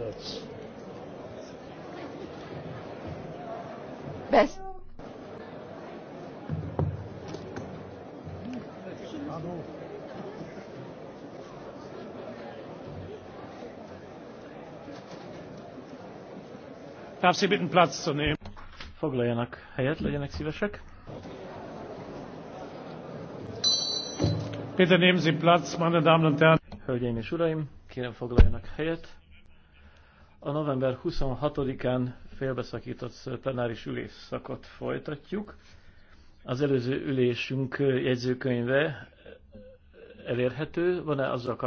That's... Best. Darf Sie bitten Platz zu nehmen? Foglaljanak helyet, legyenek szívesek. Bitte nehmen Sie Platz, meine Damen und Herren. Hölgyeim és Uraim, kérem foglaljanak helyet. A november 26-án félbeszakított plenáris ülésszakot folytatjuk. Az előző ülésünk jegyzőkönyve elérhető, van-e azzal kapcsolatban?